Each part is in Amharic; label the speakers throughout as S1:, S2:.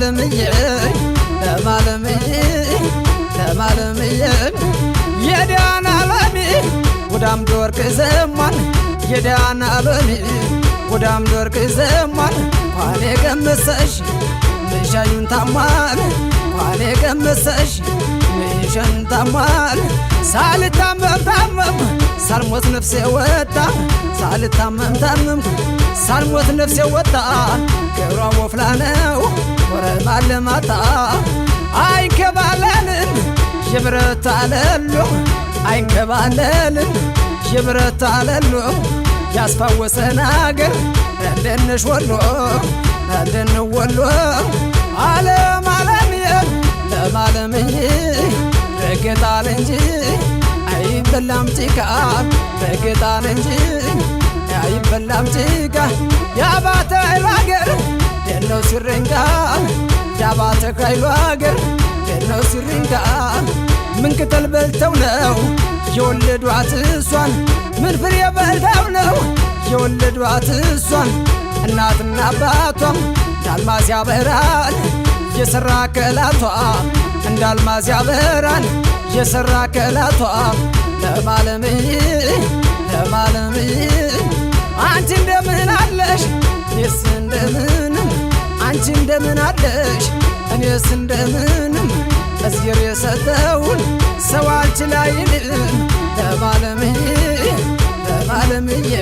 S1: ለማለምዬ ለማለምዬ ለማለምዬ የዳን አለሚ ወዳም ዶርቅ ዘማን የዳን አለሚ ወዳም ዶርቅ ዘማን ኳኔ ገመሰሽ ምሻዩን ታማል ኳኔ ገመሰሽ ምሸን ታማል ሳልታመም ታመም ሳልሞት ነፍሴ ወጣ ሳልታመም ታመምኩ ሳልሞት ነፍሴ ወጣ ገብሯ ወፍላ ነው ወረማ ለማታ አይንከባለልን የብረት አለሎ አይንከባለልን የብረት አለሎ ያስፋወሰን አገር እንደነሽ ወሎ እንደነ ወሎ አለም አለምየ ለማለምይ ረገጣል እንጂ አይበላም ጭቃ በግጣን እንጂ አይበላም ጭቃ የአባተ ኃይሉ አገር ደነው ሲሪንጋ የአባተ ኃይሉ አገር ደነው ሲሪንጋ ምን ቅጠል በልተው ነው የወለዷት እሷን ምን ፍሬ በልተው ነው የወለዷት እሷን እናትና አባቷም እንዳልማዝ ያበራል የሰራ ከእላቷ እንዳልማዝ ያበራል የሰራ ከእላቷ ለማለም ለማለም አንቺ እንደምን አለሽ እኔስ እንደምንም አንቺ እንደምን አለሽ እኔስ እንደምንም እዝር የሰጠውን ሰው አልችላይልም ለማለም ለማለምዬ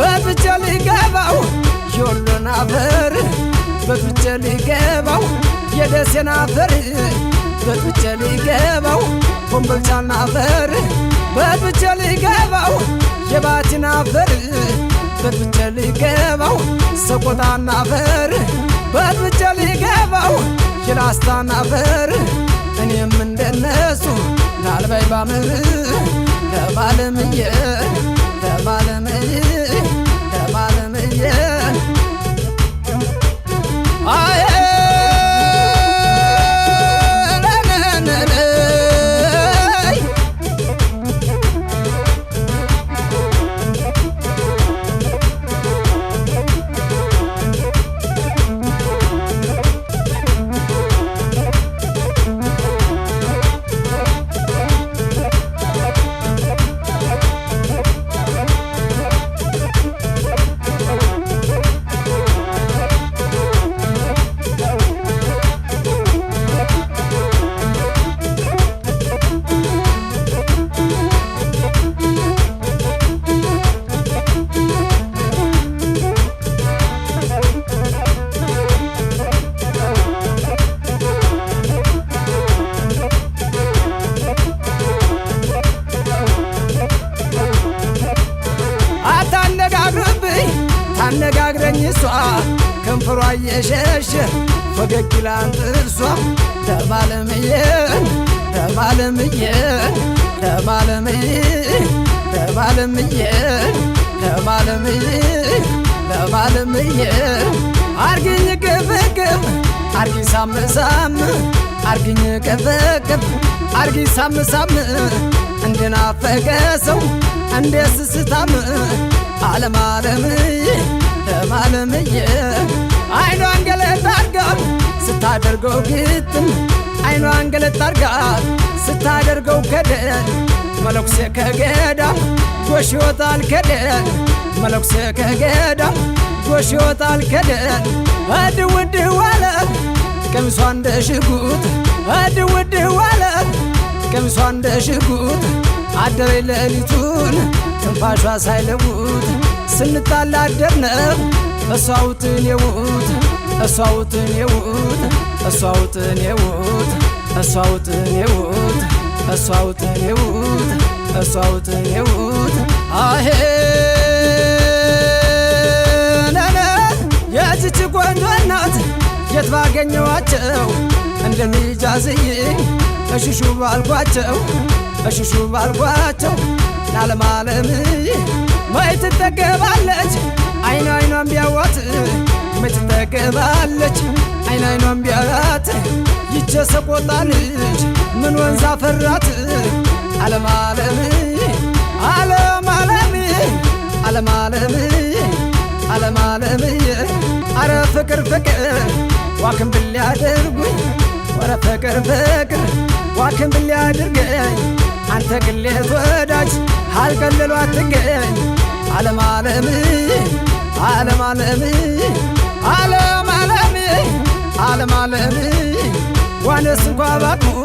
S1: በፍቼ ሊገባው የወሎን አፈር በፍቼ ሊገባው የደሴን አፈር በፍቼ ሊገባው ኮምቦልቻና አፈር በጥብቼ ልገባው የባቲና አፈር በጥብቼ ልገባው ሰቆጣና አፈር በጥብቼ ልገባው የላስታና አፈር እኔም እንደነሱ ላልበይ ባምር ለማለምዬ ለማለምዬ ለማለምዬ አየ ኪሷ ከንፈሯ እየሸሸ ፈገግ ይላል ጥርሷ ለባለምዬ ለባለምዬ ለባለምዬ ለባለምዬ ለባለምዬ ለባለምዬ አርግኝ ቅፍቅፍ አርጊኝ ሳም አርግኝ ቅፍቅፍ አርጊኝ ሰው እንደ ስስታም አለም አለምዬ አለምዬ አይኗን ገለጥ አርጋት ስታደርገው ግጥም አይኗን ገለጥ አርጋት ስታደርገው ከደል መለኩሴ ከገዳም ጎሽ ይወጣል መለኩሴ ከገዳም ጎሽ ይወጣል ከደል እድው እድው እንደ ሽጉጥ እንደ ሽጉጥ አደረይ ትንፋሿ ሳይለውጥ ስንጣላ አደርነ እሷውትን የውት እሷውትን የውት እሷውትን የውት እሷውትን የውት እሷውትን የውት እሷውትን የውት አሄ ነነ ቆንጆ እናት የት ባገኘዋቸው እንደ ሚጃዝይ እሽሹ ባልኳቸው እሽሹ ባልኳቸው ናለማለምይ መች ትጠገባለች አይን አይኗን ቢያዋት መች ትጠገባለች አይን አይኗን ቢያዋት ይቸ ሰቆጣ ልጅ ምን ወንዝ አፈራት ዓለም ዓለም አለም ዓለም ዓለም ዓለም ዓለም ዓለም አረ ፍቅር ፍቅር ዋክንብል ሊያደርጉኝ ወረ ፍቅር ፍቅር ዋክንብል ሊያድርገኝ አንተ ግሌት ወዳጅ አልቀልሎ አትገኝ ዓለም ዓለም ዓለም ዓለም ዓለም ዓለም ዓለም ዓለም ዋነስ እንኳ ባቅሙ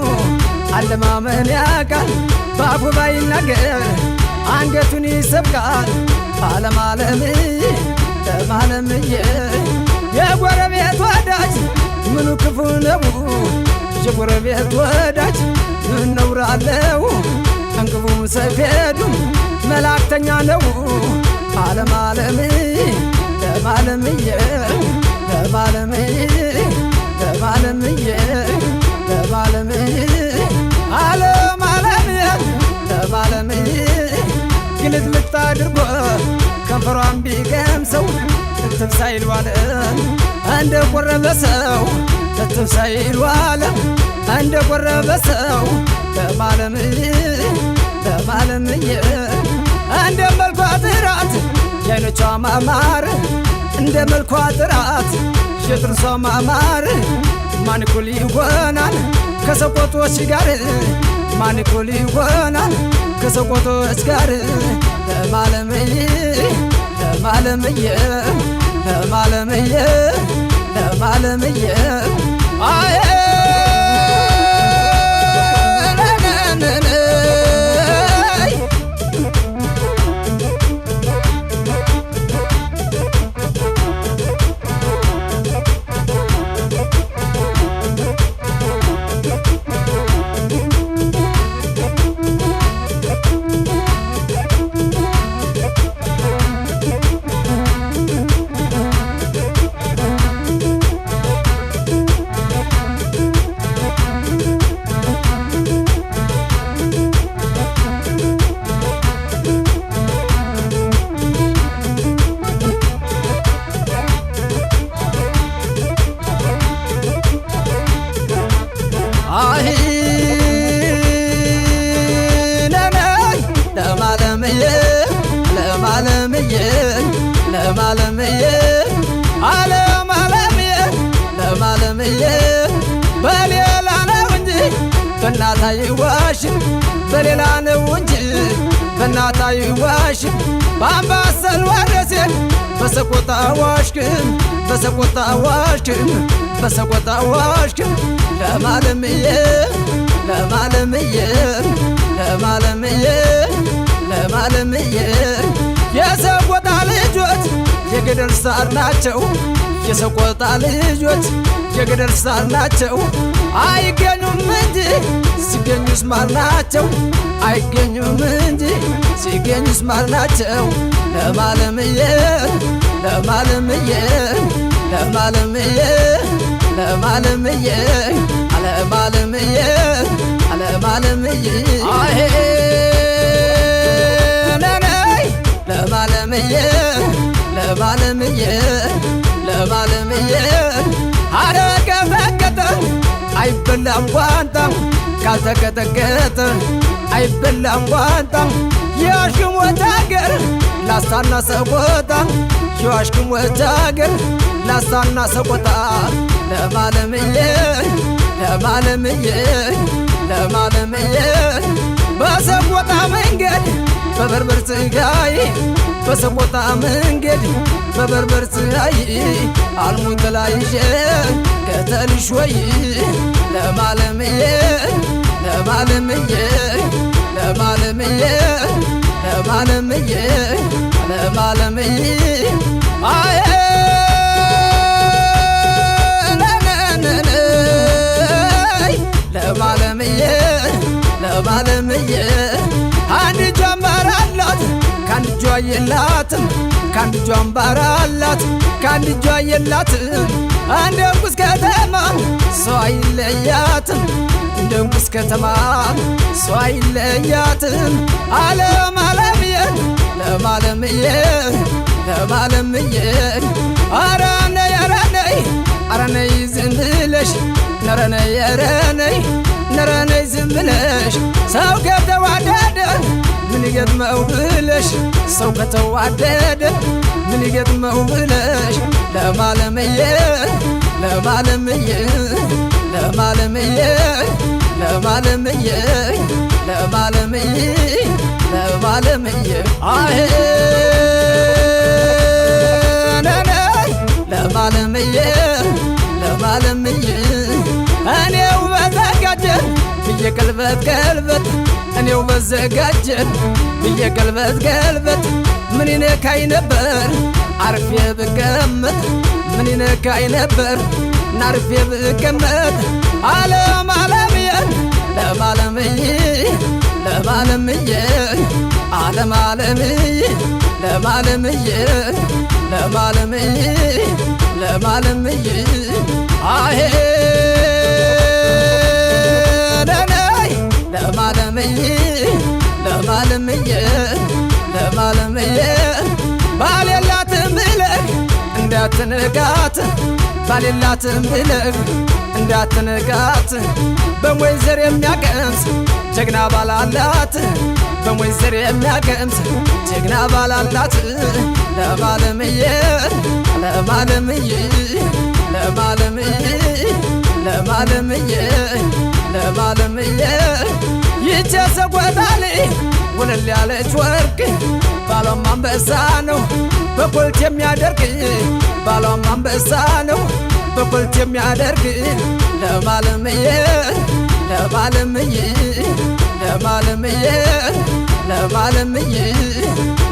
S1: አለማመን ያቃል በአፉ ባይናገር አንገቱን ይሰብቃል። ዓለም ዓለም ለማለምየ የጎረቤት ወዳጅ ምኑ ክፉ ነው? የጎረቤት ወዳጅ ምን ነውራለው? እንቅቡ ሰፌዱም መላእክተኛ ነው አለም አለም ለማለምዬ ለማለምዬ አድርጎ ከንፈሯን ቢገምሰው እትብ ሳይል ዋለ እንደ ቆረበ ሰው እትብ ሳይል ዋለ እንደ ቆረበ ሰው ለማለምዬ እንደ መልኳ ጥራት የአይኖቿ ማማር እንደ መልኳ ጥራት የጥርሷ ማማር ማን እኩል ይሆናል ከሰው ቆንጆዎች ጋር ማን ይሆናል ከሰው ጋር ለማለምዬ ለማለምዬ ለማለምዬ ለማለምዬ አይ ለማለምዬ አለም አለምዬ ለማለምዬ በሌላ ነው እንጂ በእናታ ይዋሽ በሌላ ነው እንጂ በእናታ ይዋሽ በአምባሰል ወደሴን በሰቆጣ ዋሽክን በሰቆጣ ዋሽክን በሰቆጣ ዋሽክን ለማለምዬ ለማለምዬ ለማለምዬ ለማለምዬ የሰቆጣ ልጆች የገደል ሳር ናቸው። የሰቆጣ ልጆች የገደል ሳር ናቸው። አይገኙም እንጂ ሲገኙስ ማር ናቸው። አይገኙም እንጂ ሲገኙስ ማር ናቸው። ለማለምየ ለማለምየ ለማለምየ አለማለምየ አለማለምየ አሄ ለማለምዬ ለማለምዬ ለማለምዬ አረገፈገጠ አይበላም ቋንጣ ካልተቀጠቀጠ አይበላም ቋንጣ የዋሽሞት አገር ላሳና ሰቆጣ የዋሽሞት አገር ላሳና ሰቆጣ ለማለምዬ ለማለምዬ ለማለምዬ በሰቆጣ መንገ በበርበር ስጋይ በሰቦታ መንገድ በበርበር ስጋይ አልሙት ላይዤ ከተልሽ ወይ ለማለምዬ ለማለምዬ ለማለምዬ ለማለምዬ ለማለምዬ የላትም ከአንድ እጇ አምባር አላት ከአንድ እጇ የላትም እንደ ዕንቁስ ከተማ ሰው አይለያትም እንደ ዕንቁስ ከተማ ሰው አይለያትም ዓለም ዓለምዬ ለማለምዬ ለማለምዬ አረነይ አረነይ አረነይ ዝም ብለሽ ነረነይ አረነይ ነረነይ ዝም ሰው ከተዋደደ ምን ይገጥመው ብለሽ ሰው ከተዋደደ ምን ይገጥመው ብለሽ ለማለምየ ለማለምየ ለማለምየ ለማለምየ ለማለምየ ለማለምየ አሄ ለማለምየ ለማለምየ እኔው ዘጋጀን ብዬ ቀልበት ገልበት እኔው መዘጋጀን ብዬ ቀልበት ገልበት ምን ይነካኝ ነበር አርፌ ብቀመጥ ምን ይነካኝ ነበር ናርፌ ብቀመጥ አለም አለምየን ለማለምይ ለማለምየ አለም አለምይ ለማለምየ ለማለምይ ለማለምይ አሄ ለማለምዬ ለማለምዬ ለማለምዬ ባሌላትም ብለህ እንዳትንጋት ባሌላትም ብለህ እንዳትንጋት በሞይ ዘር የሚያቀምስ ጀግና ባላላት በሞይ ዘር የሚያቀምስ ጀግና ባላላት ለማለምዬ ለማለምዬ ለማለምዬ ለማለምዬ ባለምዬ ይቼ ሰቆጣሌ ውልል ያለች ወርቅ ባሏም አንበሳ ነው በኮልት የሚያደርግ ባሏም አንበሳ ነው በኮልት የሚያደርግ ለባለምዬ ለባለምዬ ለባለምዬ ለባለምዬ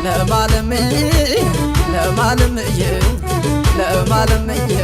S1: ለባለምዬ ለባለምዬ ለባለምዬ